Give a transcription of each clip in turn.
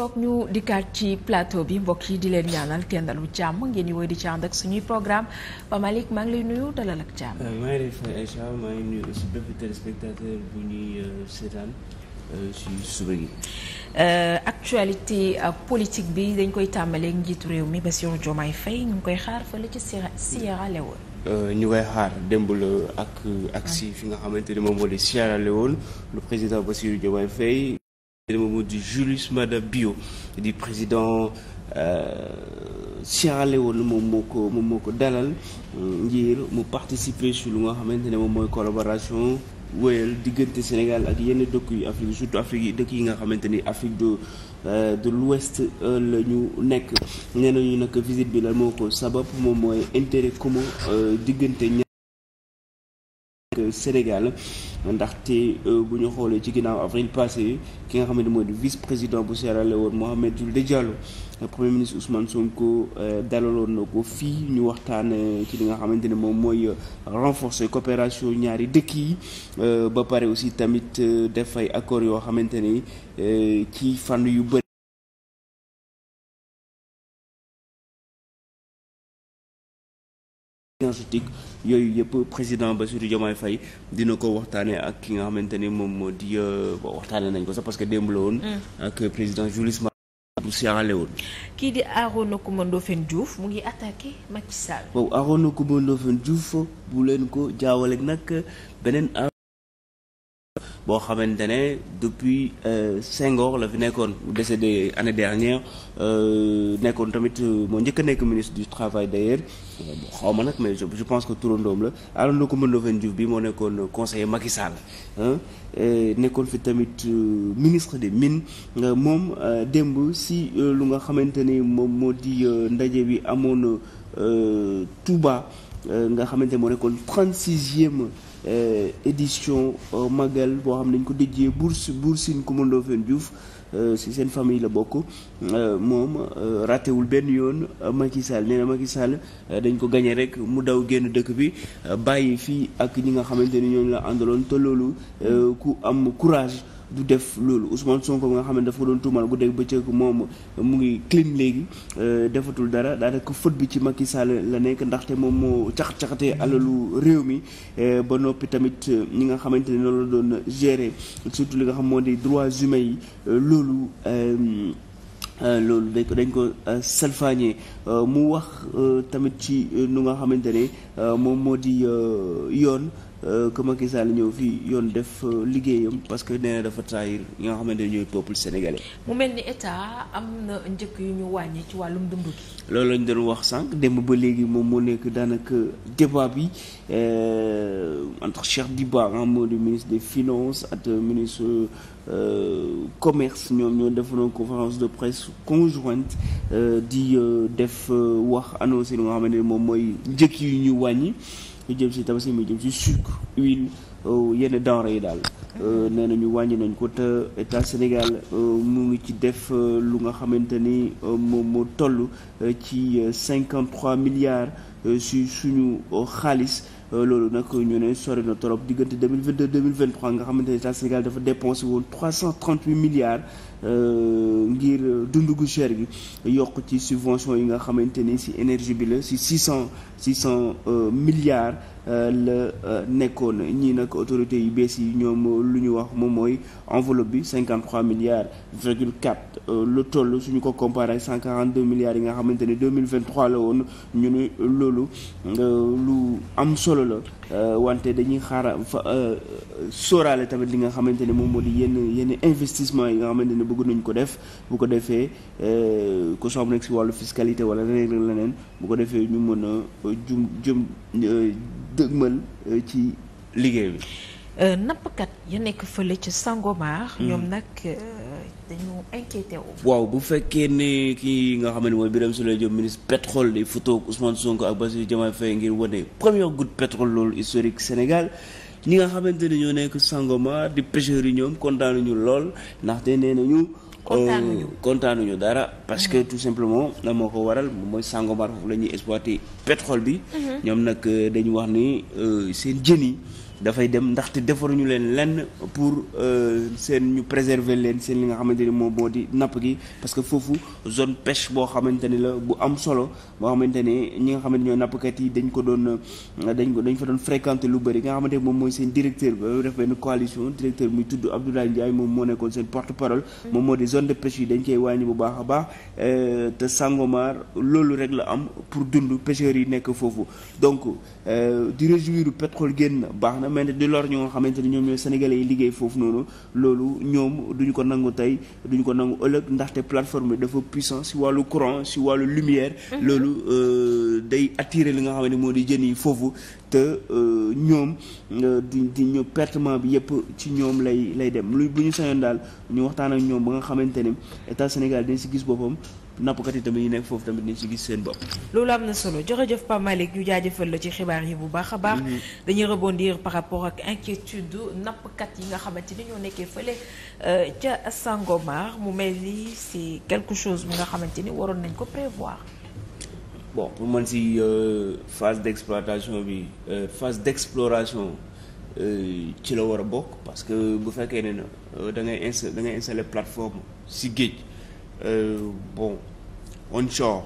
ngoog ñu dikkaat ci plateau bi mbokk yi di leen ñaanal kenn dalu ngeen di woy di ci ànd suñuy programme Pa maa ngi lay nuyu dalal ak jàmm. Euh, maa ngi lay fay Aïcha maa ngi nuyu aussi bépp téléspectateur bu euh, euh, suba gi. actualité politique bi dañ koy tàmbaleeg njiitu réew mi Bassirou may Faye ñu ngi koy xaar fa fële ci Sierra Leone. ñu koy xaar démb la ak ak si fi nga xamante ni moom moo di Sierra Leone le président Bassirou Diomaye moom di Julius Maada Bio di président euh, Sierra Leone moom moo ko moom moo ko dalal euh, ngir mu participer su lu nga xamante ne moom mooy collaboration wéyal diggante Sénégal ak yenn dëkk yu Afrique surtout Afrique yi dëkk yi nga xamante ni Afrique de euh, de l'Ouest la ñu nekk nee nañu nag visite bi lan moo ko sabab moom mooy intérêt commun diggante Euh, Sénégal ndaxte euh, bu ñu xoolee ci ginnaaw avril passé ki nga xamante mooy di vice président bu Sierra Leone Mohamed Juldeh Diallo euh, premier ministre Ousmane Sonko dalaloon na ko fii ñu waxtaan ci li nga xamante ne moom mooy renforcer coopération ñaari dëkk yi ba pare aussi tamit def ay accords yoo xamante ne ci fànn yu bëri. énergétique yooyu yëpp président Bassirou Diomaye Faye dina ko waxtaanee ak ki nga xamante ni moom moo di euh, bon nañ ko sax parce que démb la woon. Mm. ak président Julius bu Sierra Leone. kii di Arona Coumba Ndoffène Diouf mu ngi attaqué Macky Sall. waaw Arona Coumba Ndoffène Diouf bu leen ko jaawale nag beneen. boo xamante ne depuis euh, Senghor la fi nekkoon décédé année dernière euh, nekkoon tamit euh, moo njëkk nekk ministre du travail d'ailleurs xaw ma nag mais je pense que turandoom la Aly Ngouille Ndoffène Diouf bi moo nekkoon conseiller Macky Sall nekkoon fi tamit ministre des mines moom démb si lu nga xamante ni moom moo di ndaje bi amoon Touba nga xamante moo nekkoon trente-sixième Euh, édition euh, magal boo xam ne dañ ko déjee Buur Buur Sine Coumba Ndoffène Diouf euh, si seen famille la bokk moom rattewul benn yoon Macky Sall nee dañ ko gañe rek mu daw génn dëkk bi bàyyi fii ak ñi nga xamante ni ñooñu la àndaloon te loolu ku am courage du def loolu Ousmane Sonko nga xam ne dafa ko doon tuumal guddi ak bëccëg moom mu ngi clean léegi euh, defatul dara daanaka fët bi ci Macky Sall la nekk ndaxte moom moo cax-caxatee alalu réew mi euh, ba noppi tamit euh, ñi nga xamante ne noonu la doon gérer surtout li nga xam moo di droits humains yi loolu loolu dañ ko dañ ko salfaañee mu wax tamit ci nu nga xamante ne moom moo di yoon Euh, que Macky Sall ñëw fii yoon def euh, liggéeyam parce que nee dafa trahir ñi nga xamante ne ñooy topp sénégalais. mu mel ni état am na njëkk yu ñu wàññi ci wàllum dund gi. loolu lañ doon wax sànq démb ba léegi moom moo nekk daanaka débat bi euh, entre Cheikh di ah moo di ministre des finances ak ministre commerce ñoom ñoo defoon conférence de presse conjointe di def wax annoncé li nga xamante ne moom mooy njëkk yu ñu wàññi. lu jëm si tabaski muy jëm si sucre huile euh, yenn denrées yi daal euh, nee nañu wàññi nañ ko te état Sénégal euh, mu ngi ci def lu nga xamante ni moom moo toll ci cinquante trois milliards si suñu xaalis Euh, loolu nag ñu ne sori na trop diggante 2022 2023 nga xamante ne état Sénégal dafa dépensé woon 338 milliards euh, ngir dundu gu cher gi yokk ci subvention yi nga xamante ni si énergie bi la si 600 600 euh, milliards Euh, la euh, nekkoon ñii nag autorité yi bees yi ñoom lu ñu wax moom mooy enveloppe bi 53 milliards virgule 4 euh, lu toll suñu ko comparé ak 142 milliards yi nga xamante ne 2023 la woon ñu ne loolu lu am solo la Euh, wante dañuy xaara fa euh, sóoraale tamit li nga xamante ne moom moo di yenn yenn investissement yi nga xamante ne bëgg nañ ko def bu ko defee ku soob nag si wàllu fiscalité wala leneen leneen bu ko defee ñu mën a euh, jum jëm dëgmal ci liggéey bi Euh, nappkat ya nekk fële ci Sangomar. Hmm. ñoom nag euh, dañu inquiété wu. waaw bu fekkee ne kii nga xam ne mooy Birame Souleye Diop ministre pétrole day photo ak Ousmane Sonko ak Bassirou Diomaye Faye ngir wane première goutte pétrole loolu historique Sénégal. ñi nga xamante ne ñoo nekk Sangomar di pêcheurs yi ñoom kontaanuñu lool ndaxte nee nañu. Euh, kontaanuñu kontaanuñu dara. parce que hmm. tout simplement na moo ko waral mooy Sangomar foofu la ñuy exploité pétrole bi. Hmm. ñoom nag dañu wax ni seen jën yi. dafay dem ndaxte defaruñu leen lenn pour euh, seen ñu préserver leen seen li nga xamante ni moom moo di napp gi parce que foofu zone pêche boo xamante ni la bu am solo moo xamante ne ñi nga xamante ñoo nappkat yi dañ ko doon euh, dañ ko dañ fa doon fréquenter lu bëri nga xamante ne moom mooy seen directeur ba def benn coalition directeur muy tudd Abdoulaye moom moo nekkoon seen porte parole. moom moo di zone de pêche yi dañ koy wàññi bu baax a baax euh, te Sangomar loolu rek la am pour dund pêcheurs yi nekk foofu donc di réjouir pétrole génn baax na. mais di lor ñoo xamante ni ñoom ñooy sénégalais yi liggéey foofu noonu loolu ñoom duñu ko nangu tey duñu ko nangu ëllëg ndaxte plateforme bi dafa puissant si wàllu courant si wàllu lumière. Mhm. loolu euh, day attirer li nga xam ne moo di jën yi foofu te euh, ñoom euh, di di pertement bi yëpp ci ñoom lay lay dem lu bu ñu sañoon daal ñu waxtaan ak ñoom ba nga xamante ni état Sénégal dañ si gis boppam. nappkat yi tamit yi nekk foofu tamit ni ci gis seen bopp. loolu am na solo jërëjëf Pape Malick ñu jaajëfal la ci xibaar yi bu baax a baax. Mm-hmm. dañuy rebondir par rapport ak inquiétude nappkat yi nga xamante ni ñoo nekkee fële euh, ca Sangomar mu mel ni c'est quelque chose bi nga xamante ni waroon nañ ko prévoir. bon pour man si euh, phase d'exploitation bi euh, phase d'exploration. ci la war a bokk parce que bu fekkee ne da ngay ins da ngay installer plateforme si géej Euh, bon onshore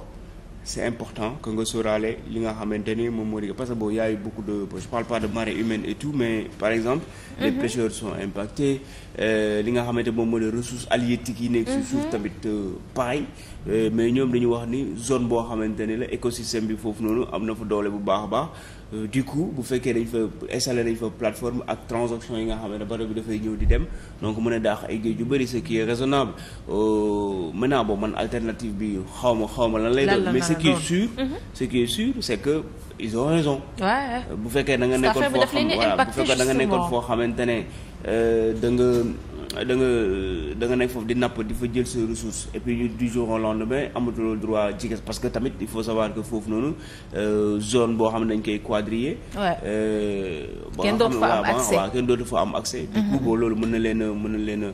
c'est important que nga sorale li nga xamante ni moom moo di parce que bon y a eu beaucoup de je parle de marée humaine et mais par exemple. Mm-hmm. les pêcheurs sont impactés euh, li nga xamante moom moo di ressources halieutiques yi nekk. ci mm-hmm. suuf tamit euh, pareil. mais ñoom dañu wax ni zone boo xamante ni la écosystème bi foofu noonu am na fa doole bu baax a baax. Euh, du coup bu fekkee dañ fa installé dañ fa plateforme ak transaction yi nga xam ne baro bi dafay ñëw di dem donc mën a daax ay géej yu bëri ce qui est raisonnable euh, maintenant man alternative bi xaw ma xaw ma lan lay doon mais ce qui est sûr mhm. ce qui est sûr c'est que ils ont raison euh, bu fekkee da nga nekkoon foo xam voilà bu fekkee da nga nekkoon foo xamante ne da nga da nga da nga nekk foofu di napp di fa jël sa ressource et puis du jour au lendemain amatuloo droit jigéen parce que tamit il faut savoir que foofu noonu euh, zone boo xam ne dañ koy quadriller. Euh, kenn dootu fa am accès waaw kenn fa am accès. du loolu mën na leen mën na leen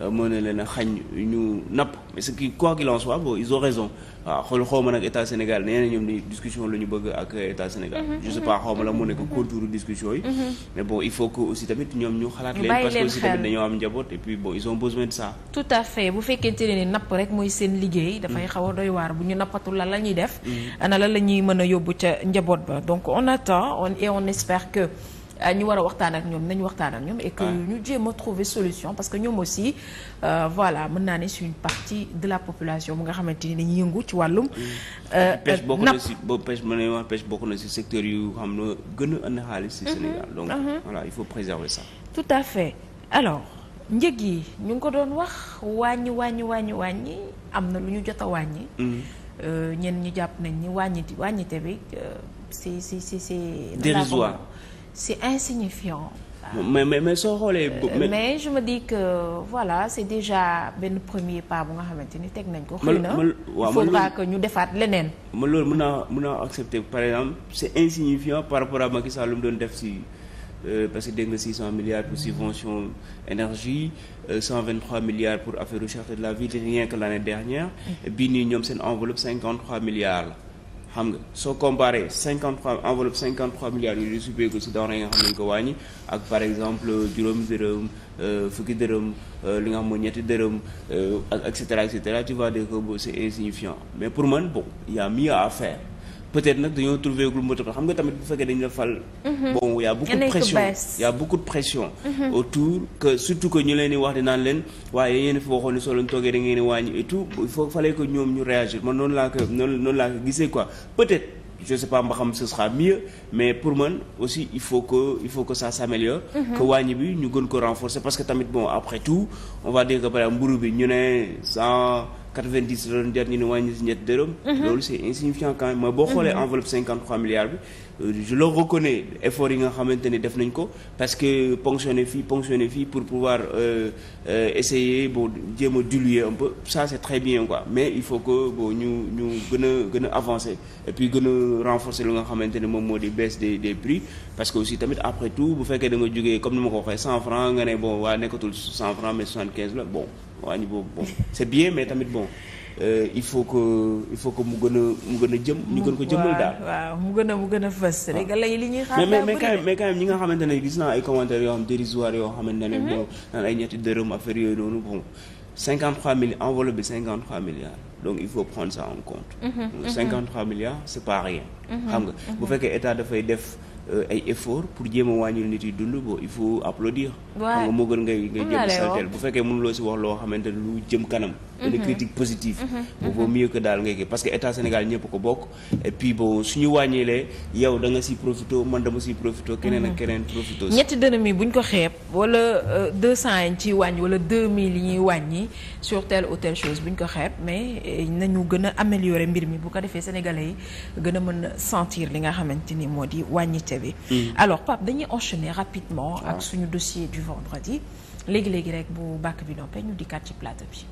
a mën na leen a xañ ñu napp mais ce qui quoi qu'il en soit bon raison. waaw xool xaw ma nag état Sénégal nee na ñoom ni discussion la ñu bëgg ak état Sénégal. Mhm. je sais pas xaw la mu nekk contour discussion yi. Mhm. il faut que aussi tamit ñoom ñu xalaat leen. parce que aussi tamit dañoo am njaboot et puis bon ils ont besoin de ça. tout à fait bu fekkente ne napp rek mooy seen liggéey. Mhm. dafay xaw a doy waar bu ñu nappatul la la ñuy def. ana la la ñuy mën a yóbbu ca njaboot ba donc on attend on et on espère que. Euh, ñu war a waxtaan ak ñoom nañu waxtaan ak ñoom. et que ñu jéem a trouver solution parce que ñoom aussi euh, voilà mën naa ne c'est une partie de la population bu nga xamante ne dañuy yëngu ci wàllum. Mm. Euh, pêche bokk na si ba pêche mën nañu wax pêche secteur yu xam ne gën a ënn xaalis si mm-hmm. Sénégal. donc mm-hmm. voilà il faut préserver tout à fait alors njëg yi ñu ngi ko doon wax wàññi wàññi wàññi wàññi am na lu ñu jot a wàññi. Mm-hmm. ñenn ñi jàpp nañ ñi wàññi wàññite bi si si si si dérisoire c'est insignifiant. mais mais mais soo xoolee. mais je me dis que voilà c'est déjà benn premier pas bu nga xamante ni teg nañ ko. xëy na il faudra que ñu defaat leneen. ma loolu mën naa mën naa accepter par exemple c'est insignifiant par rapport à Macky Sall lu mu doon def si. Euh, parce que dégg nga 600 milliards pour subvention énergie euh, 123 milliards pour affaire recherche de la ville rien que l'année dernière. Mm-hmm. bii nii ñoom seen enveloppe milliards la. xam nga soo comparé 53 enveloppe 53 milliards yu ñu suppeeku si denrée yi nga xam ne ñu ko wàññi ak par exemple euh, juróomi dërëm euh, fukki dërëm euh, li nga xam mooy ñetti dërëm ak et cetera et cetera tu vois que c'est insignifiant mais pour man bon il y a mieux à faire. peut-être nag dañoo trouver groupe moto xam nga tamit bu fekkee dañu la fal. Mhm. bon y' a beaucoup pression y' a beaucoup pression. Mhm. autour que surtout que ñu leen di wax di naan leen waaye yéen a fi waxoon ne soo leen toogee da ngeen di wàññi et tout il faut fallait que ñoom ñu réagir man noonu laa ko noonu laa ko gisee quoi peut-être. je sais pas mba xam ce sera mais pour man aussi il faut que il faut que ça s'améliore mm -hmm. wàññi bi ñu gën ko renforcer parce que tamit bon après tout on va bi ñu ne sans 90 la doon jar ñu ne wàññi si ñetti mhm. loolu c' insignifiant quand mooy boo mhm. xoolee enveloppe 53 milliards bi. Euh, je le reconnais effort yi nga xamante ne def nañ ko parce que ponctionné fii ponctionné fii pour pouvoir euh, euh, essayer bon jéem a diluer un peu ça c'est très bien quoi mais il faut que bon ñu ñu gën a gën a avancer et puis gën renforcer lu nga xamante ne moom moo di baisse de des prix parce que aussi tamit après tout bu fekkee da nga jógee comme ni ma ko waxee cent franc nga ne bon waa nekkatul cent franc mais wàññi boobu bon c'est bien mais tamit bon euh, il faut que il faut que mu gën a mu gën jëm. ñu gën ko jëmal daal waaw mu gën mu gën fës rek. Ah. li ñuy xaar mais mais mais ñi nga xamante ne gis naa ay commentaires yoo xam dérisoire yoo xamante ne mhm. bon naan ay ñetti dërëm affaire yooyu noonu bon. 53 milliards enveloppe bi 53 milliards donc il faut prendre ça en compte. Mm -hmm, donc, 53 mm -hmm. milliards c'est pas rien. Mhm. xam nga mhm. bu fekkee état dafay Euh, ay effort pour jéema a wàññil nit yi dund bon il faut applaudir xam nga moo gën ngay ngay jëm saltel bu fekkee mënuloo si wax loo xamante lu jëm kanam et de mhm. critique positive mhm. bu vaut mieux que daal ngay kii parce que état Sénégal ñëpp ko bokk et puis bon suñu wàññilee yow da nga siy profito man dama si profito keneen ak mhm. keneen profito ñetti dërëm yi buñ ko xeeb wala euh, deux cent yi ciy wàññi wala deux mille yi ñuy wàññi sur telle ou telle chose buñ ko xeeb mais eh, nañu gën a améliorer mbir mi bu ko defee sénégalais gën a mën a sentir li nga xamante ni moo di wàññite bi alors Pape dañuy enchaîner rapidement ak ah. suñu dossier du vendredi léegi-léegi rek bu bàkk bi noppee ñu dikkaat ci plateau bi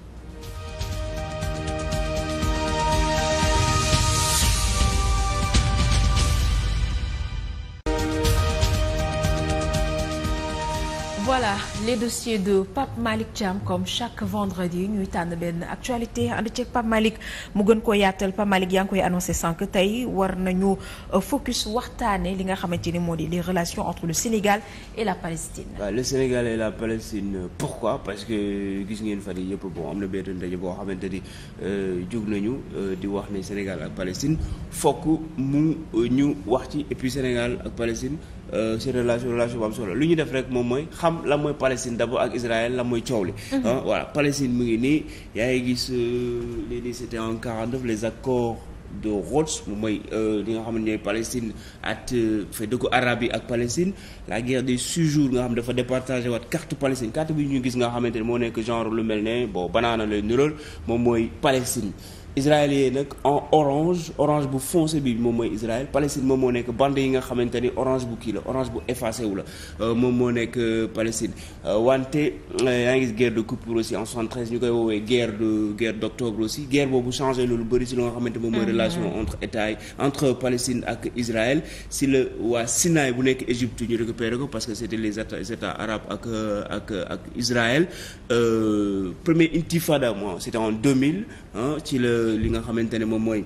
les dossiers de Pape Malick Thiam comme chaque vendredi ñuy tànn benn actualité ànd ceeg Pape Malick mu gën koo yaatal Pape Malick yaa ngi koy annoncé sànq tey war nañu euh, focus waxtaane li nga xamante ni moo di les relations entre le Sénégal et la Palestine. waaw le Sénégal et la Palestine pourquoi parce que gis ngeen fan yii yëpp bon am na benn ndaje boo xamante ni euh, jug nañu euh, di wax ni Sénégal ak Palestine fokk mu ñu wax ci et Sénégal ak Palestine. si euh, relation relation bu am solo lu ñu def rek moom mooy xam la mooy Palestine d'abord ak Israël la mooy coow li mhm. voilà Palestine mu ngi nii yaa ngi gis euh, léegi c'était en 49 les accords de Rhodes moom mooy euh, li nga xam ne Palestine at fa dëkku arabe yi ak Palestine la guerre des six jours nga xam dafa départagé waat carte Palestine carte bi ñu gis nga xamante ne moo nekk genre lu mel ne bon banaana lay nirool moom mooy Palestine israéliens nag en orange orange bu foncé bi moom mooy Israël Palestine moom moo nekk bande yi nga xamante ni orange bu kii la orange bu effacé la euh, moom moo nekk euh, Palestine euh, wante yaa ngi gis guerre de coupure aussi en ñu koy woowee guerre de guerre d'octobre aussi guerre boobu changé lu bëri si loo nga xamante moom mooy mhm. relation entre état yi entre Palestine ak Israël si la waa Sinaï bu nekk Égypte ñu récupéré ko parce que c'était les états arabes ak ak ak Israël premier intifada moi c'était en 2000 ci la li nga xamante ne moom mooy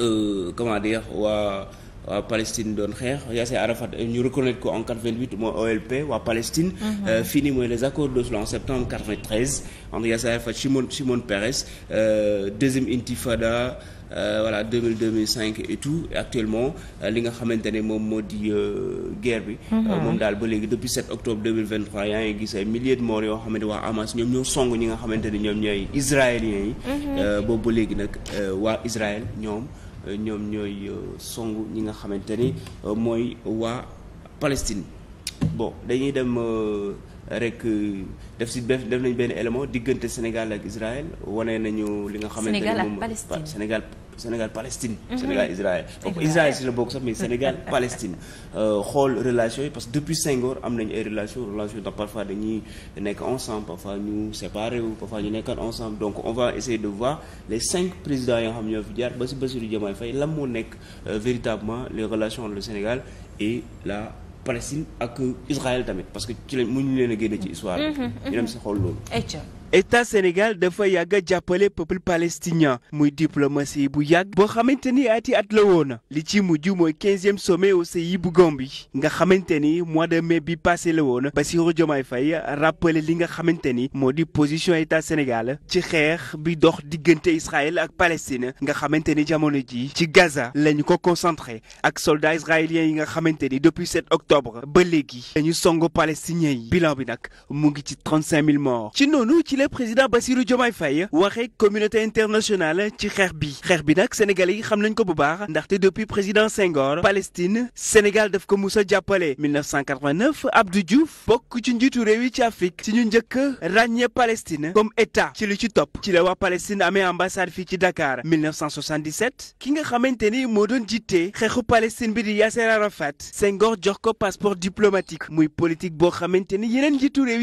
euh, comment dire waa waa Palestine doon xeex Yasser Arafat ñu reconnaître ko en 88 mooy OLP waa Palestine. Mhm. Euh, fii nii mooy les accords d'Oslo en septembre 93 entre Yasser Arafat Shimon Shimon Peres euh, deuxième intifada. Euh, voilà 2000 2005 et tout et actuellement euh, li nga xamante ne moom moo di euh, guerre bi. Mm-hmm. moom daal ba léegi depuis 7 octobre 2023 yaa ngi gis ay milliers de morts yoo xamante waa Hamas ñoom ñoo song ñi nga xamante ne ñoom ñooy israéliens yi. Mm-hmm. boobu ba léegi nag waa Israël ñoom ñoom ñooy song ñi nga xamante ni mooy waa Palestine bon dañuy dem. rek euh, def si def def nañ benn élément diggante Sénégal ak Israël wane nañu li nga xamante ne moom Sénégal Sénégal Palestine. Mhm. Sénégal Israël donc Israël si la bokk sax mais Sénégal Palestine. Euh, xool relation yi parce que depuis Senghor am nañu ay relation relation donc parfois dañuy nekk ensemble parfois ñu séparé wu parfois ñu nekkoon ensemble donc on va essayer de voir les cinq présidents yoo xam ñoo fi jaar ba si Bassirou Diomaye Faye lan moo nekk euh, véritablement les relations entre le Sénégal Palestine ak Israël tamit parce que ci lañ mënuñu leen génne ci histoire. Mhm, mhm. ñu dem si xool loolu. état Sénégal dafa yàgg a jàppale peuple palestinien muy diplomatie bu yàgg boo xamante ni ati at la woon li ci mujj mooy quinzième sommet OCI bu Gambie nga xamante ni mois de mais bi passé la woon Bassirou Diomaye fay rappelé li nga xamante ni moo di position état Sénégal ci xeex bi dox diggante Israël ak Palestine nga xamante ni jamono ji ci Gaza lañu ko concentré ak soldats israéliens yi nga xamante ni depuis 7 octobre ba léegi dañu songo palestiniens yi bilan bi nag mu ngi ci 35000 morts la président Bassirou Diomaye Faye waxee communauté internationale ci xeex bi xeex bi nag sénégalais yi xam nañ ko bu baax ndaxte depuis président Senghor Palestine Sénégal daf ko mus a jàppale 1989 Abdou Diouf bokk ci njiitu réew yi ci Afrique ci ñu njëkk ràññee Palestine comme état ci li ci topp ci la waa Palestine amee ambassade fii ci Dakar 1977 ki nga xamante ni moo doon jiite xeexu Palestine bi di Yasser Arafat Senghor jox ko passeport diplomatique muy politique boo xamante ni yeneen njiitu yi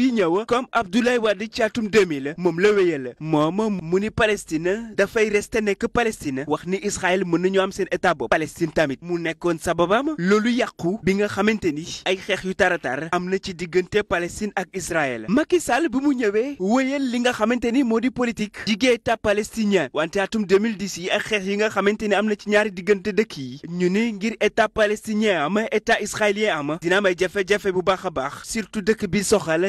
réew mi la moom la wéyee la moom mu ni Palestine dafay rester nekk Palestine wax ni Israël mën nañu am seen état bopp Palestine tamit mu nekkoon sababam loolu yàqu bi nga xamante ni ay xeex yu taratar am na ci diggante Palestine ak Israël Macky Sall bi mu ñëwee wéyal li nga xamante ni moo di politique jigéen état palestinien wante atum 2010 yi ak xeex yi nga xamante ni am na ci ñaari diggante dëkk yi ñu ni ngir état palestinien am état israélien am dina am ay jafe-jafe bu baax a baax surtout dëkk bi soxal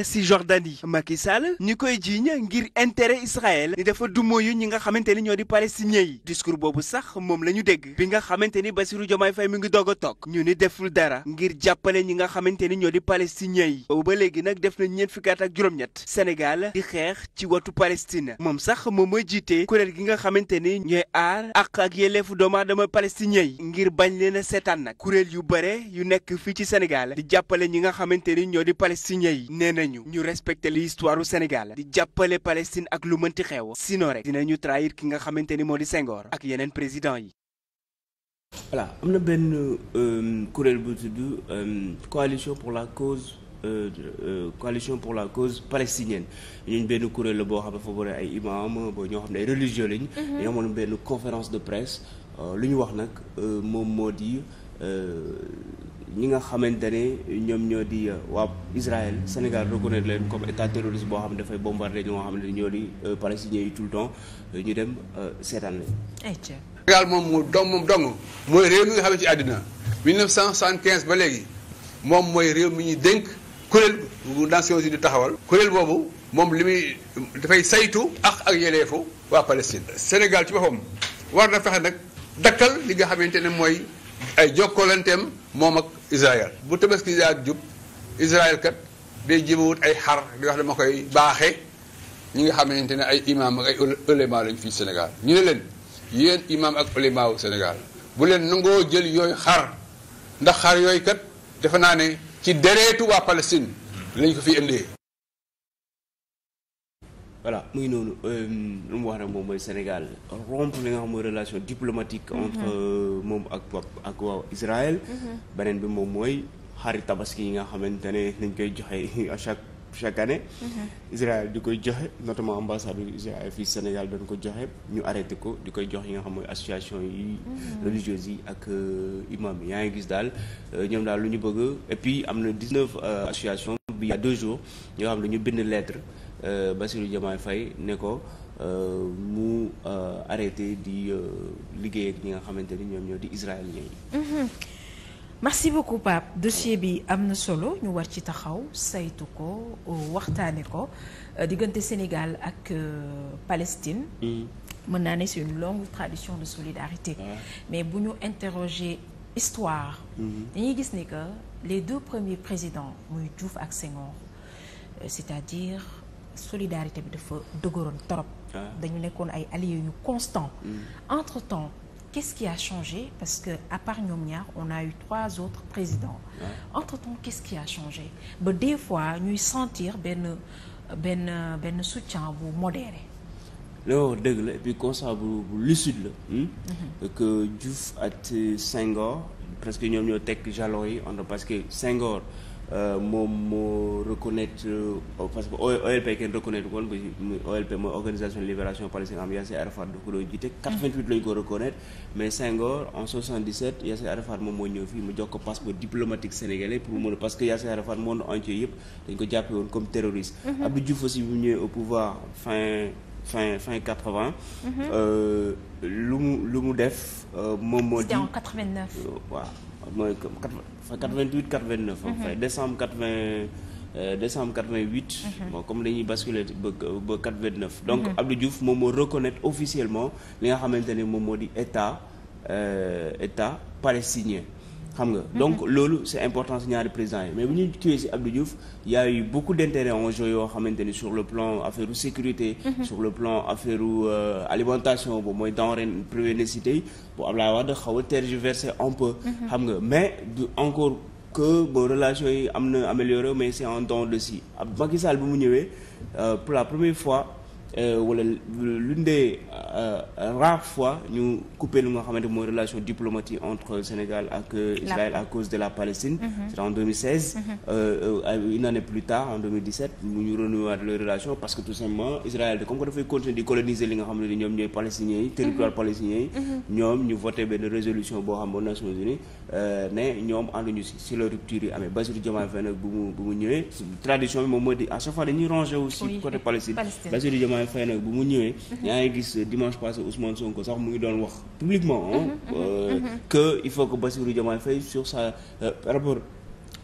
Palestine ngir intérêt Israël ni dafa dumóoyu ñi nga xamante ni ñoo di palestiniens yi discours boobu sax moom la ñu dégg bi nga xamante ni Bassirou Diomaye Faye mi ngi doog a toog ñu ni deful dara ngir jàppale ñi nga xamante ni ñoo di palestiniens yi boobu ba léegi nag def na ñeent fukki ak juróom-ñett Sénégal di xeex ci watu Palestine moom sax moom mooy jiite kuréel gi nga xamante ni ñooy aar ak ak yelleefu doomu aadama palestiniens yi ngir bañ leen a seetaan nag kuréel yu bare yu nekk fii ci Sénégal jàppale ñi nga xamante ni ñoo di palestiniens yi nee nañu ñu respecté l'histoire du Sénégal ëppale Palestine ak lu mënti xew sinon rek dinañu trahir ki nga xamante ni moo di Senghor ak yeneen président yi voilà am na benn euh, kuréel bu tudd euh, coalition pour la cause Euh, euh, coalition pour la cause palestinienne ñun benn kuréel la boo xam ne dafa bëri ay imam boo ñoo xam ne ay religieux lañ mhm. dañoo amoon benn conférence de presse euh, lu ñu wax nag moom moo di ñi nga xamante ne ñoom ñoo di euh, waa Israël Sénégal reconnaître leen comme état terroriste boo xam ne dafay bombarder ñoo xam ne ñoo di euh, palestiniens yi tout le temps euh, ñu dem seetaan lañ. Sénégal moom mu dong moom dong mooy réew mi nga xam ci àddina ba léegi moom mooy réew mi ñuy dénk kuréel bu Nations Unies di taxawal. kuréel boobu moom li muy dafay saytu ak ak yeleefu waa Palestine. Sénégal ci boppam war na fexe nag dakkal li nga xamante ne mooy ay jokkalanteem. moom ak Israël bu tabaski daal jub Israël kat day jëmawut ay xar di wax dama koy baaxee ñi nga xamante ne ay imam ak ay ulema lañ fii Sénégal ñu ne leen yéen imam ak ulema wu Sénégal bu leen nangoo jël yooyu xar ndax xar yooyu kat defe naa ne ci dereetu waa Palestine lañ ko fi indee voilà muy noonu euh, lu mu wax rek moom mooy Sénégal rompre li nga xam mooy relation diplomatique. Mhm. entre euh, moom ak ak waa Israël. Mhm. beneen bi moom mooy xari tabaski yi nga xamante ne nañ koy joxe chaque chaque année. Mhm. Israël di koy joxe notamment ambassade bu Israël fii Sénégal doon ko joxe ñu arrêté ko di koy jox yi nga xam mooy association yi. religieuses yi ak euh, imam yi yaa ngi gis daal ñoom daal lu ñu bëgg et puis am na 19 association bi il y deux jours ñoo xam ne ñu bind lettre. Euh, Bassirou Diomaye Faye ne ko euh, mu euh, arrêté di liggéey ak ñi nga xamante ni ñoom ñoo di israélien yi mhm. merci beaucoup Pape dossier bi am na solo ñu war ci taxaw saytu ko waxtaane ko diggante Sénégal ak Palestine mhm. mën naa ne c'est une longue tradition de solidarité mais bu ñu interroger histoire mhm. dañuy gis ni que les deux premiers présidents muy Diouf ak Senghor c'est-à-dire solidarité bi dafa dëgëroon trop ah. dañu nekkoon ay alliés ñu constant mm. entre temps qu'est-ce qui a changé parce que à part ñoom ñaar on a eu trois autres présidents ah. entre temps qu'est-ce qui a changé ba des fois ñuy sentir benn benn benn soutien bu modéré loolu dëgg la et puis bu bu lucide la hmm? mm-hmm. que Diouf ak Senghor parce que ñoom ñoo teg jalon yi on parce que Senghor Euh, moom moo reconnaître euh, parce que OLP kenn reconnaître woon OLP mooy organisation de libération palestinienne am Yasser Arafat da ko doon jiite 88 mm-hmm. lañu ko reconnaître mais Senghor en 77 Yasser moom moo ñëw fii mu jox ko passeport diplomatique sénégalais pour mën parce que Yasser Arafat monde entier yëpp dañ ko jàppe woon comme terroriste mm-hmm. Abdou Diouf aussi bu ñëwee au pouvoir fin fin fin 80 mm-hmm. euh, lu mu lu mu def moom moo di en 89 mooy quatre vingt huit quatre vingt neuf. Mhm. fay décembre quatre vingt euh, décembre quatre vingt huit. Mhm. bon comme dañuy basculer ba ba quatre vingt neuf. donc mhm. Abdou Diouf moom moo reconnaître officiellement li nga xamante ne moom moo di état euh, état palestinien. xam nga mhm. donc loolu c'est important si ñaari président yi mais bu ñu tuwee si Abdou Diouf y a eu beaucoup d'intérêt en yoo xamante ni sur le plan affaire u sécurité mhm. sur le plan affaire u euh, alimentation boobu mooy denrée première nécessité yi bu Abdoulaye Wade xaw a tergiversé un peu mhm. xam nga mais du encore que bon relation yi am na amélioré mais c'est en dents de scie Macky Sall bu mu ñëwee euh, pour la première fois Euh, wala l'une des euh, rares fois ñu coupé lu nga xamante mooy relation diplomatique entre Sénégal ak euh, Israël à cause de la Palestine mhm. c'est en 2016 mhm. une année plus tard en 2017 mu ñu renouer les relations parce que tout simplement Israël de comme que dafay continuer di coloniser li nga xam ne ñoom ñooy palestiniens yi territoire mhm. palestinien yi ñoom ñu voté benn résolution boo xam ba Nations Unies ne ñoom ànduñu si si la rupture yi amee Bassirou Diomaye Faye nag bu mu bu mu ñëwee tradition bi moom Diomaye nag bu mu ñëwee mhm. yaa ngi gis dimanche passé Ousmane Sonko sax mu ngi doon wax publiquement ah. mhm, mhm, euh, que il faut que Bassirou Diomaye Faye sur sa euh, par rapport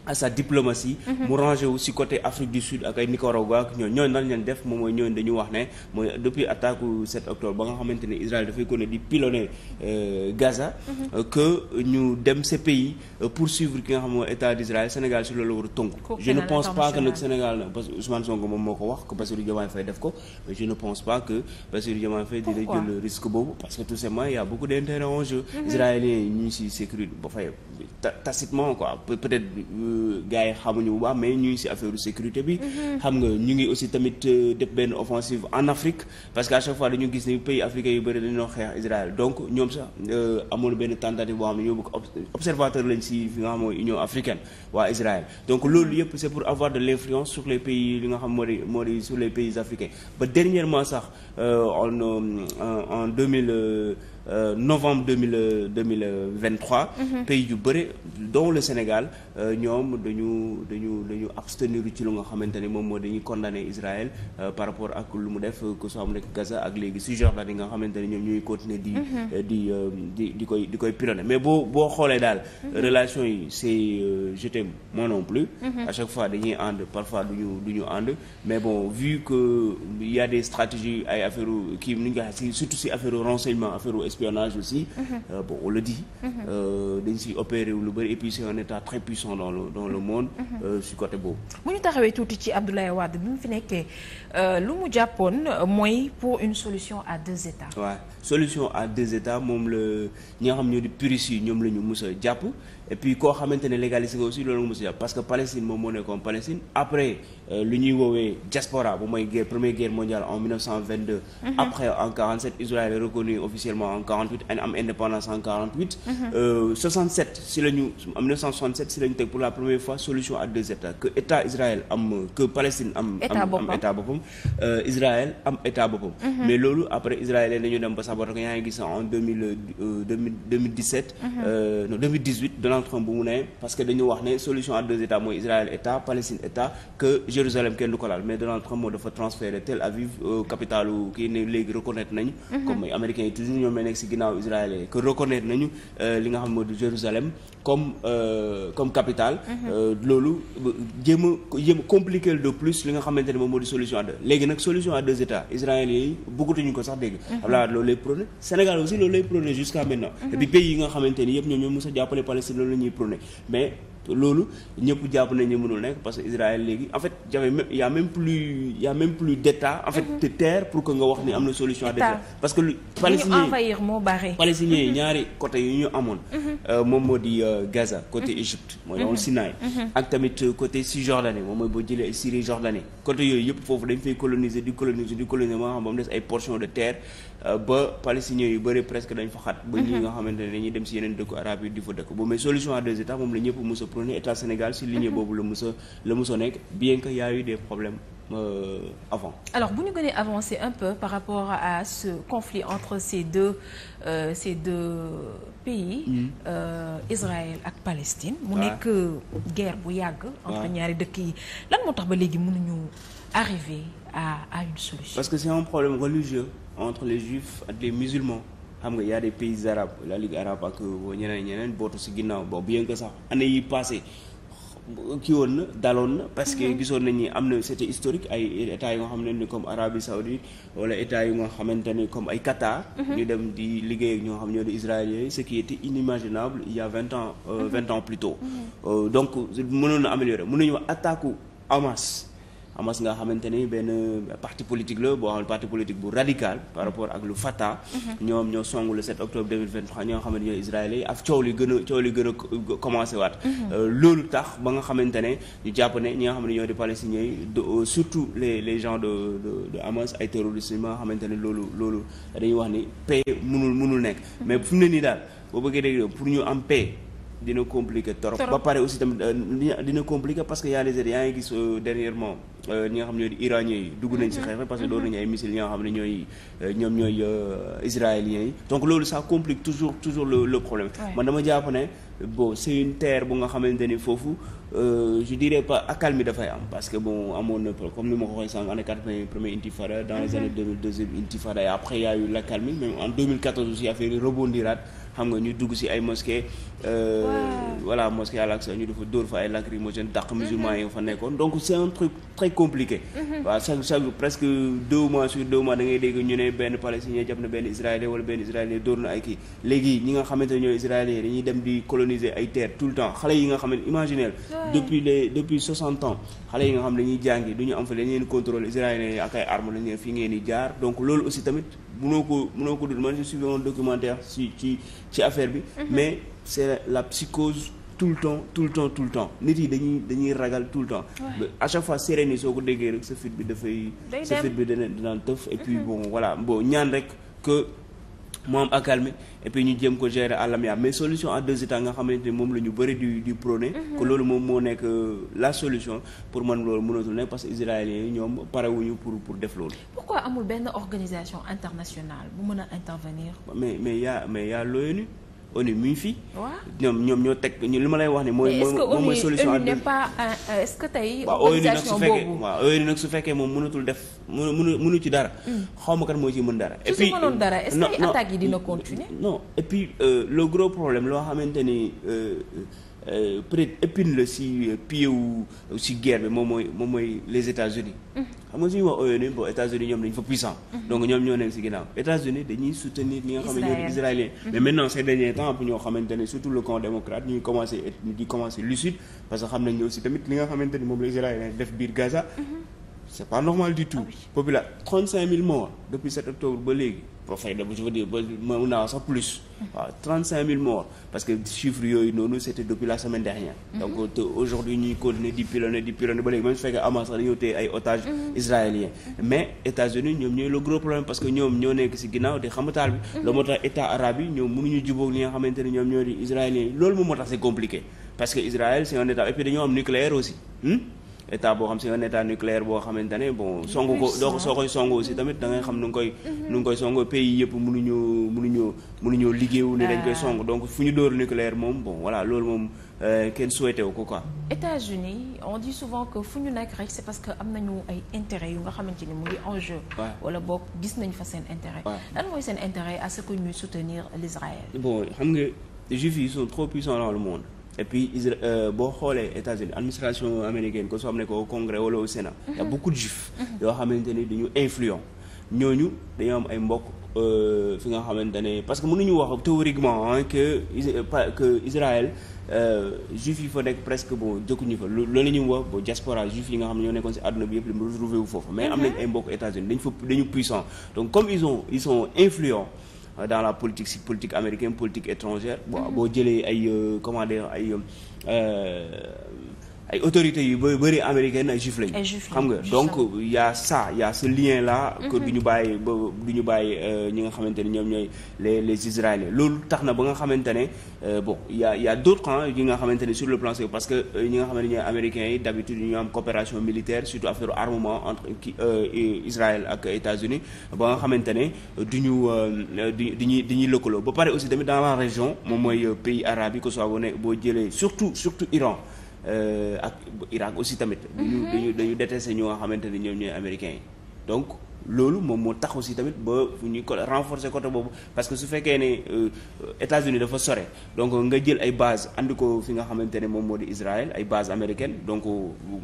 à sa diplomatie. Mhm. mu rangé wu si côté Afrique du Sud ak ay Nicaragua ak ñooñu ñooñu nan def moom mooy ñooñu dañu wax ne mooy depuis attaque 7 octobre ba nga xamante ne Israël dafay ko di pilonner euh, Gaza. Mhm. Euh, que ñu dem ces pays euh, poursuivre ki nga xam mooy état d' Sénégal si loolu war a tënku. je ne pense pas que nag Sénégal parce que Ousmane Sonko moom moo ko wax que Bassirou Diomaye Faye def ko je ne pense pas que Bassirou Diomaye Faye dina jël risque boobu parce tout simplement y' gars yi xamuñu bu baax mais ñu ngi ci affaire sécurité bi. Mhm. xam nga ñu ngi aussi tamit euh, def benn offensive en Afrique parce que à chaque fois dañu gis ni pays africain yu bëri dañoo xeex Israël donc ñoom sax euh, amoon benn tentative boo xam ne ñoo bëgg observateur lañ ci fi nga xam mooy Union africaine waa Israël donc loolu yëpp c'est pour avoir de l'influence sur les pays li nga xam moo di moo di sur les pays africains ba dernièrement sax euh, en en deux mille Euh, novembre deux mille euh, deux mille euh, vingt trois. Mhm. pays bëri dont le Sénégal ñoom dañu dañu dañu abstenir ci lu nga xamante ne moom moo dañuy condamné Israël par rapport ak lu mu def que soo am nekk Gaza ak léegi si Jordan yi nga xamante ne ñoom ñuy continuer di. Mhm. di di di koy di koy pilonné mais boo boo xoolee daal. Mhm. relation yi c'est je t'aime moi non plus. à chaque fois dañuy ànd parfois du ñu du ñu ànd mais bon vu que y a des stratégies ay affaire kii nu ñu ko waxee surtout si affaire renseignement affaire espionnage aussi. la mhm. di euh, on le dit. Mhm. Euh, dañ siy opéré wu lu bëri et puis c'est un état très puissant dans le dans le monde. Mhm. Euh, si côté boobu. bu ñu taxawee tuuti ci Abdoulaye Wade bi mu fi nekkee lu mu jàppoon mooy pour une solution à deux états. waaw solution à deux états moom la ñaa nga xam ñoo di puristes yi ñoom la ñu mus jàpp. et puis koo xamante ne légaliste nga aussi loolu nga mos a parce que Palestine moom moo nekkoon Palestine après euh, lu ñuy woowee diaspora bu mooy guerre première guerre mondiale en mhm. après en 47 Israël est reconnu officiellement en am indépendance en 48. Mm -hmm. euh, si la en si la teg pour la première fois solution à deux états que état Israël am que Palestine am. état boppam am euh, am état boppam. Mhm. mais loolu après Israël dañu dem Mélenchon bu mu ne parce que dañu wax ne solution à deux mooy Israël état Palestine état kenn du ko laal mais Donald Trump moo dafa transférer Tel Aviv euh, capitale kii ne léegi reconnaître nañu. Mhm. comme américains yi toujours ñoom ñoo nekk si ginnaaw Israël que nañu euh, li nga xam moo di Jérusalem. comme euh, comme capital. Mhm. Euh, loolu jéem a jéem a compliquer de plus li nga xamante ne moom moo di solution à léegi nag solution à deux états israéliens yi bëggatuñu ko sax dégg. Mhm. Abdoulaye loolu lay prôné Sénégal aussi loolu lay prôné jusqu'à maintenant. Mhm. et puis pays yi nga xamante ni yëpp ñoom ñoo mës a jàppale Palestine loolu la ñuy mais. te loolu ñëpp jàpp nañ ne mënul nekk parce que Israël léegi en fait j'avais même y a plus y a plus d'état en fait mhm. de terre pour que nga wax ni am na solution d'état parce que lu palestinien palestinien yi mhm. ñaari côté yu ñu amoon mhm. euh, moom moo di euh, Gaza côté Égypte mooy doon Sinaï ak tamit euh, côté Cisjordanie moom mooy boo jëlee Syrie Jordanie côté yooyu yëpp foofu dañ fay coloniser di coloniser di coloniser moo xam ba mu des ay portion de terre Euh, ba palestiniens yu bëri presque dañ fa xat ba ñi mhm. nga xamante ne dañuy dem si yeneen dëkku arab yi di fa dëkk bo mais solution à deux états a prôné état Sénégal si lignée mhm. boobu la mos a la mos a nekk bien que y a eu euh, avant. Alors bu ñu gënee avancer un peu par rapport à ce conflit entre ces deux euh, ces deux pays. Mm. Euh, ak Palestine. mu nekk guerre bu yàgg. entre ñaari dëkk yi lan moo tax ba léegi mënuñu arriver à à une solution. parce que c'est un problème religieux. entre les juifs ak les musulmans xam nga y a des pays arabes la ligue arabe ak euh, ñeneen ñeneen bootu si ginnaaw boobu bien sax année yi passé kii woon na daloon na parce que mhm. gisoon nañu am na c'était historique ay états yu nga xam ne ni comme Arabie Saoudite wala états yu nga xamante ni comme ay Qatar mhm. ñu dem di liggéey ak ñoo xam ñoo di israéliens ce qui inimaginable il y a vingt ans euh, mhm. vingt ans plus tôt euh, donc mënoon na mun mën nañu wax attaque Hamas Hamas nga xamante ni benn parti politique la boo xam parti politique bu radical par rapport ak lu Fatah. Mhm. ñoom ñoo songu le 7 octobre 2023 ñoo xamante ñooy yi ak coow li gën a coow li gën a commencé waat. Mhm. Euh, loolu tax ba nga xamante ne ñu jàpp ne ñi nga xam ne ñoo di palestiniens yi euh, surtout les les gens de de de Hamas ay terroristes yi nga xamante ne loolu loolu dañuy wax ni paix mënul mënul nekk. Mhm. mais fu mu ne nii daal boo bëggee dégg pour ñu am paix. dina compliqué trop ba pare aussi tamit euh, dina compliqué parce que y a les yaa ngi gis euh, dernièrement euh, ñi nga xam ne iraniens yi dugg nañ si mm-hmm. xeex parce que mm-hmm. doon nañu ay missiles yi nga xam ne ñooy ñoom ñooy israéliens yi donc loolu ça complique toujours toujours le le problème man dama jàpp ne bon c'est bu nga xamante ni foofu je dirais pas accalmie dafay am intifada dans les mm-hmm. années deux mille deuxième intifada et après y a eu l'accalmie même en 2014 xam nga ñu dugg si ay mosquées Euh, voilà mosquée Al Aqsa ñu dafa dóor fa ay lacrymogène dàq mhm. musulman yi fa nekkoon donc c'est un truc très compliqué mhm. waaw chaque chaque presque deux mois sur deux mois da dégg ñu ne benn palestinien jàpp na benn israélien wala benn israélien dóor na ay kii léegi ñi nga xamante ne ñooy israélien dañuy dem di coloniser ay terres tout le temps xale yi nga xam ne imaginaire depuis les depuis soixante ans xale yi nga xam ne ñuy jàngi du ñu am fa dañ leen contrôle israélien yi ak ay armes lañ leen fi ko mënoo ko dul man je suivais un ci affaire bi mhm. mais c'est la psychose tout le temps tout le temps tout le temps nit yi dañuy dañuy ragal tout le temps à chaque fois sérén yi soo ko déggee rek sa fit bi dafay sa fit bi dana dina tëf et puis mhm. bon voilà bon ñaan rek mu am accalmie et ñu jéem ko gérer à l'amiable mais solution à deux états nga xamante ni moom la ñu bëri di di prôné mhm. que loolu moom moo nekk euh, la solution pour man loolu mënatul nekk parce que israéliens yi ñoom parewuñu pour pour def loolu pourquoi amul benn organisation internationale bu mën a intervenir mais mais y a mais y a l'ONU ONU mu ngi fi. waaw ñoom ñoom ñoo teg ñu li ma lay wax ne. mooy mooy solution mais est-ce que ONU pas euh, euh, est que tey. organisation boobu waaw ONU nag su fekkee moom mënatul def mënu mënu ci dara. Hmm. xaw ma kat moo ci mën dara. et puis su dara est-ce que attaques yi dina continuer. non et puis euh, le gros problème loo xamante ni. Euh, peut-être épine la si euh, pied wu si guerre bi moom mooy moom mooy les États-Unis mhm. xam nga suñu wax ONU bon États-Unis ñoom dañu fa puissant mhm. donc ñoom ñoo nekk si ginnaaw États-Unis dañuy soutenir ñi nga xam ne ñoo di israélien mhm. mais maintenant ces derniers temps ñoo xamante ne surtout le camp démocrate ñuy commencé di commencé lucide parce que xam nañ aussi tamit li nga xamante ni moom la israélien def biir Gaza c'est pas normal du tout. Ah population trente cinq mille morts depuis sept octobre ba léegi. ba fay je veux dire ba mën naa sax plus. waaw ah, trente cinq mille morts parce que chiffre yooyu noonu c'était depuis la semaine dernière. Mhm. donc te aujourd'hui ñuy continuer di pilonner di pilonner ba léegi même su fekkee Hamas sax dañoo téye ay otages. Mhm. israéliens mhm. mais États-Unis ñoom ñooy le gros problème parce que ñoom ñoo nekk ci ginnaaw di xamataal bi. loolu moo tax état arabe xamante ne ñoom ñoo di israéliens yi loolu moom moo tax état boo xam si un état nucléaire boo xamante ne bon songu ko doo soo koy songu aussi tamit da ngay xam nu ngi koy mhm. nu ngi koy songo pays yëpp mënuñoo mënuñoo mënuñoo liggéeyu ne dañ koy ah. song donc fu ñu dóor nucléaire moom bon voilà loolu moom euh, kenn souhaité wu ko quoi États-Unis on dit souvent que fu ñu nekk rek c'est parce que am nañu ay intérêt yu nga xamante mu ngi en jeu wala boog gis nañ fa seen intérêt lan mooy seen intérêt à ce que ñuy soutenir l'Israël bon xam nga juifs yi sont trop puissants dans le monde et puis Isra euh, boo xoolee États-Unis administration américaine que soo xam ko au Congrès wala a mhm. beaucoup de juifs. Mhm. yoo xamante ni dañu influent ñooñu dañoo am ay mbokk euh, fi nga xamante ne parce que mënuñu wax théoriquement que euh, que Israël juif yi fa nekk presque bon jëkkuñu fa ne ñoo nekkoon si mais am nañ mhm. ay mbokk États-Unis dañ fa dañu comme ils ont ils sont influents Euh, dans la politique si politique américaine politique étrangère. bon boo jëlee ay euh, comment dire ay. Euh, ay autorités yu ba bëri américaine ay juif lañu xam nga donc y a ça y a lien la que mhm. du ñu bàyyi ba du ñu bàyyi euh, ñi nga xamante ne ñoom ñooy les les israéliens loolu tax na ba nga xamante ne euh, bon y a y a d'autres camps yi nga xamante ne sur le plan parce que euh, ñi nga xamante ne ñooy américains yi d'habitude ñu am coopération militaire surtout affaire armement entre Israël ak États-Unis ba nga xamante ne du ñu di di ñuy di ñuy lëkkaloo ba pare aussi tamit dans la région moom mooy pays arabe yi que soit boo ne boo jëlee surtout surtout Iran Euh, ak Irak aussi tamit. Mhm. dañu dañu dañu ñu nga xamante ni ñoom ñooy américains yi donc. loolu moom moo tax aussi tamit ba fu ñuy renforcer côté boobu parce que su fekkee ne euh, États-Unis dafa sore donc nga jël ay base andi ko fi nga xamante ne moom moo di Israël ay base américaine donc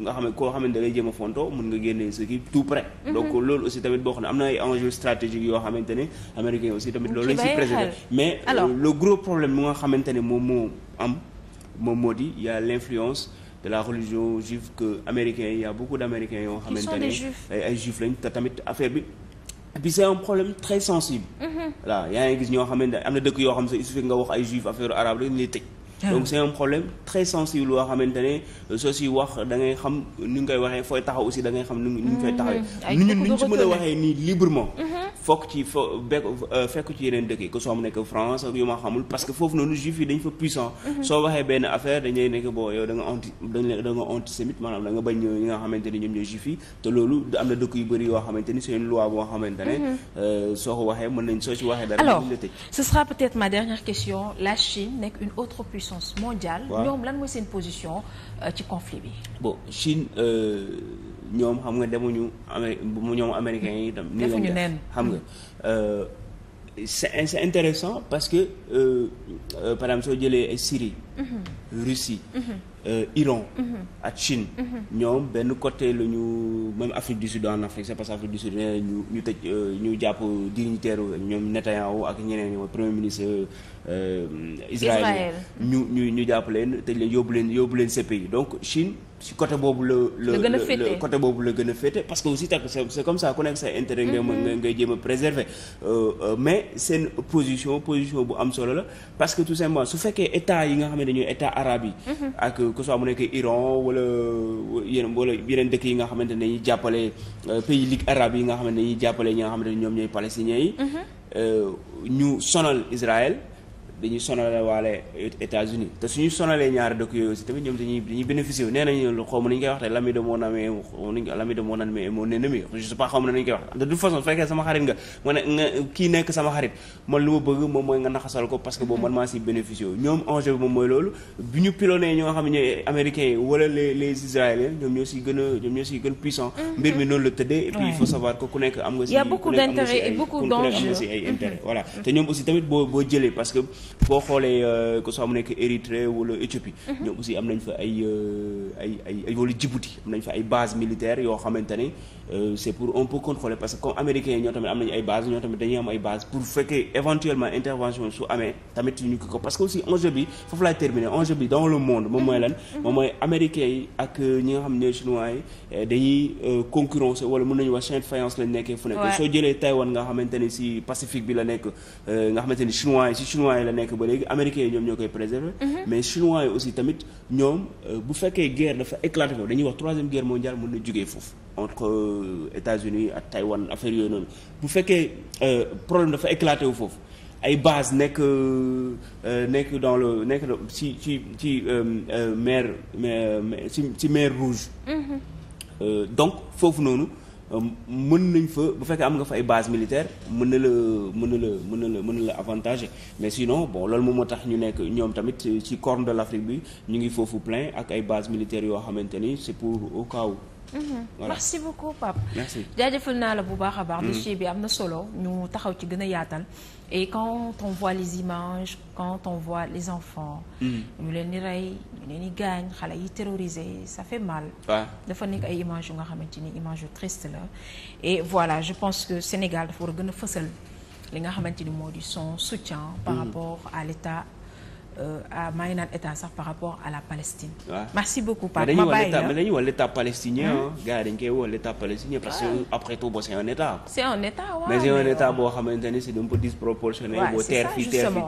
nga xam ne koo xamante da ngay jéem a fonto mun nga génne mhm. loolu aussi tamit boo ne am na ay enjeux stratégiques yoo xamante ne américains aussi tamit loolu lañ si président mais euh, le gros problème nga xamante ne moom moo am moom moo di y a l'influence de la religion juive que américains yi y a beaucoup yoo xamante ne ay juifs lañ te tamit affaire bi et puis c'est un problème très sensible mm-hmm. voilà yaa ngi gis ñoo xamante ne am na dëkk yoo xam ne il suffit nga wax ay juifs affaire arabe rek ñu tëj donc ah. c' est un problème très sensible loo xamante euh, soo si da ngay xam ni nga koy waxee fooy taxaw aussi da ngay xam ni ñu koy mm-hmm. a waxee nii librement. Mm-hmm. fokk ci fo bekk euh, fekk fa puissant. Mm-hmm. soo waxee benn affaire dañ lay nekk bon yow da nga ne ñoom yu bëri yoo xamante ni c' est une loi boo xamante ne. Euh, ko waxee mën nañ soo si waxee dara. alors ce sera peut ma dernière question la Chine nekk une autre puissance puissance mondiale. ñoom lan mooy seen position euh, ci conflit bi. bo Chine euh, ñoom xam nga demuñu Amé ñoom américains yi itam. defuñu neen xam nga. Euh, c'est c'est intéressant parce que par exemple soo jëlee Syrie. Mhm. Russie. Mhm. Euh, Iran ak Chine ñoom benn côté la ñu même Afrique du Sud en Afrique c'est parce que Afrique du Sud ñu ñu tëj euh, ñu jàpp dignitaire ñoom Netanyahu ak ñeneen ñoom premier ministre euh, israélien ñu ñu ñu jàpp leen tëj leen yóbbu leen yóbbu leen donc Chine si côté boobu la la la la côté boobu la gën a féete parce que aussi tak c' est comme ça ku nekk sa intérêt ngay ngay mm-hmm. ngay jéem a euh, euh, mais seen position position bu am solo la parce que tout simplement su fekkee état yi nga xam ne dañuy état arabe yi. Mm-hmm. ak que soit mu nekk Iran wala yeneen wala yeneen dëkk yi nga xamante ne dañuy jàppale euh, pays ligue arabe yi nga xam ne dañuy jàppale ñi nga xam ne ñoom ñooy palestiniens yi. Mm-hmm. ñu sonal Israël. dañuy sonale waale États-Unis te suñu sonalee ñaari dëkk yooyu aussi tamit ñoom dañuy dañuy bénéficier wu nee nañu xaw ma pas xaw ma nañu koy wax de toute façon fekkee sama xarit nga ma nekk sama xarit man lu ma bëgg moom mooy nga naxasal ko parce boobu man maa si bénéficier ñoom enjeu bi moom mooy loolu bi ñu pilonné ñoo xam ne ñooy yi wala les les israéliens ñoom a ñoom ñoo si gën puissant mm-hmm. mbir mi noonu la tëddee et puis il savoir que ku nekk am nga foo xoolee euh, que soo mu nekk Érythrée wala Éthiopie. Mhm. ñoom aussi am nañ fa ay euh, ay ay ay am nañ fa ay base militaire yoo xamante ne euh, c'est pour un peu contrôler parce que comme américains yi ñoo tamit am nañu ay base ñoo tamit dañuy am ay base pour fekkee éventuellement intervention su amee tamit ñu ko parce que aussi enjeu bi foofu laay terminer enjeu bi dans le monde moom mooy lan mhm. moom mooy américains yi ak ñi nga xam ne chinois yi dañuy concurrence wala mën nañu wax la nekk nga ne chinois nekk ba léegi américains ñoom ñoo koy préserver. Mhm. mais chinois yi aussi tamit ñoom euh, bu fekkee guerre dafa éclaté ko dañuy wax troisième guerre mondiale mën na jugee foofu. entre euh, États-Unis ak Taïwan affaire yooyu noonu bu fekkee euh, problème dafa éclaté wu foofu. ay base nekk nekk dans le nekk ci ci ci maire mer ci ci mer rouge. Mhm. donc foofu noonu. Euh, mën nañ fa bu fekkee am nga fa ay base militaire mën na la mën na la mën na la mën na la avantage mais sinon bon loolu moom moo tax ñu nekk ñoom tamit ci corne de l'Afrique bi ñu ngi foofu plein ak ay base militaires yoo xamante ni c'est pour au kaw où mm-hmm. voilà merci beaucoup Pape. merci jaajëfal naa la bu baax a baax. Mm-hmm. dossier bi am na solo ñu taxaw ci gën a yaatal. et quand on voit les images quand on voit les enfants. Mm. ñu leen di rey ñu leen di gaañ xale yi terrorisé ça fait mal. dafa nekk ay images yu nga xamante ni image yu triste la et voilà je pense que Sénégal dafa war a gën fësal li nga xamante ni moo di son soutien. par mm. rapport à l'État Euh, à maa ngi naan état sax par rapport à la Palestine. waaw merci beaucoup Pape ma bàyyi la mais dañuy wax l' état palestinien ah. gars yi dañu koy palestinien parce que après tout bon c' est état. mais c' est état boo xamante ni c' est un peu disproportionné. waaw c' boo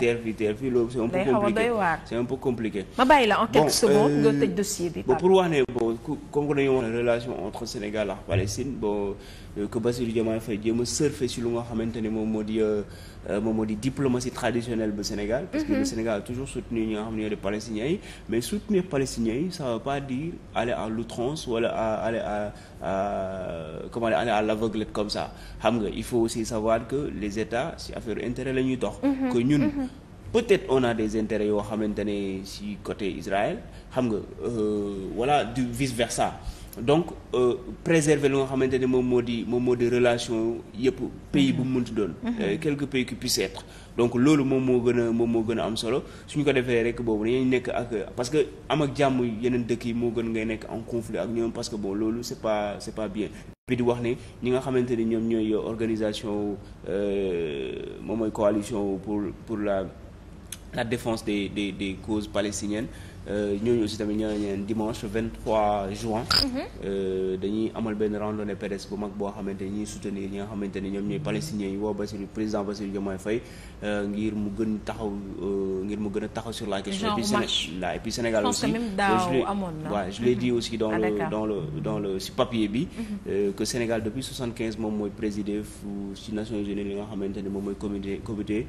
teer fii teer fii loolu c' un peu compliqué c' un peu compliqué. ma bàyyi la en quelques secondes nga euh, tëj dossier bi. bon pour wax ne bon comme que dañoo wax relation entre Sénégal ak Palestine bon euh, que a surfer si nga xamante ni moom moo di. Euh, moom moo di diplomatie traditionnelle bu Sénégal parce que mhm. le Sénégal a toujours soutenu ñi xam ne ñoo di palestiniens yi mais soutenir palestiniens yi ça veut pas dire aller à l'outrance wala à aller à comment dire aller comme ça xam nga il faut aussi savoir que les États si affaire intérêt la ñuy dox mhm. que ñun mhm. peut-être on a des intérêts yoo xamante ne si côté Israël xam nga wala euh, du vice versa donc euh, préserver lu nga xamante ne moom moo di moom moo di relation yëpp pays bu mun ti doon. Mhm. Mhm. Euh, quelques pays qui puissent être donc loolu moom moo gën a moom moo gën a am solo suñu ko defee rek boobu dañuy nekk ak parce que am ak jàmm yeneen dëkk yi moo gën ngay nekk en conflit ak ñoom parce que bon loolu c'est pas c'est pas bien. bi di wax ne ñi nga xamante ni ñoom ñooy organisation euh, moom mooy coalition pour pour la la défense des des des causes palestiniennes. Euh, ñooñu aussi tamit ñoo ñeen dimanche 23 juin. Mhm. Euh, dañuy amal benn randonnée pédestre bu mag boo xamante ni ñuy soutenir ñi nga xamante ni ñoom ñooy palestiniens yi woo Bassirou président Bassirou Diomaye Faye euh, ngir mu gën taxaw ngir mu gën a taxaw sur la question. et puis Sénégal et amoon Sénégal aussi. waaw aussi ah, dans le dans le dans le papier bi. Mhm. que Sénégal depuis quinze moom mooy présider fu si Nations Unies li nga xamante ni moom mooy comité comité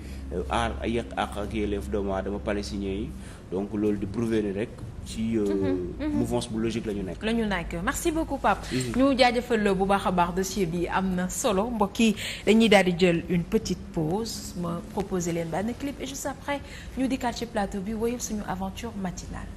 aar yàq àq ak yelleef doomu aadama palestiniens yi. donc loolu di prouver rek ci euh, mhm, mhm. mouvance bu logique la ñu nekk. la ñu merci beaucoup Pape. Mhm. ñu jaajëfal bu baax a baax dossier bi am na solo mbokk yi dañuy daal di jël une petite pause ma proposer leen benn clip et juste après ñu dikkaat ci plateau bi woyub suñu aventure matinale.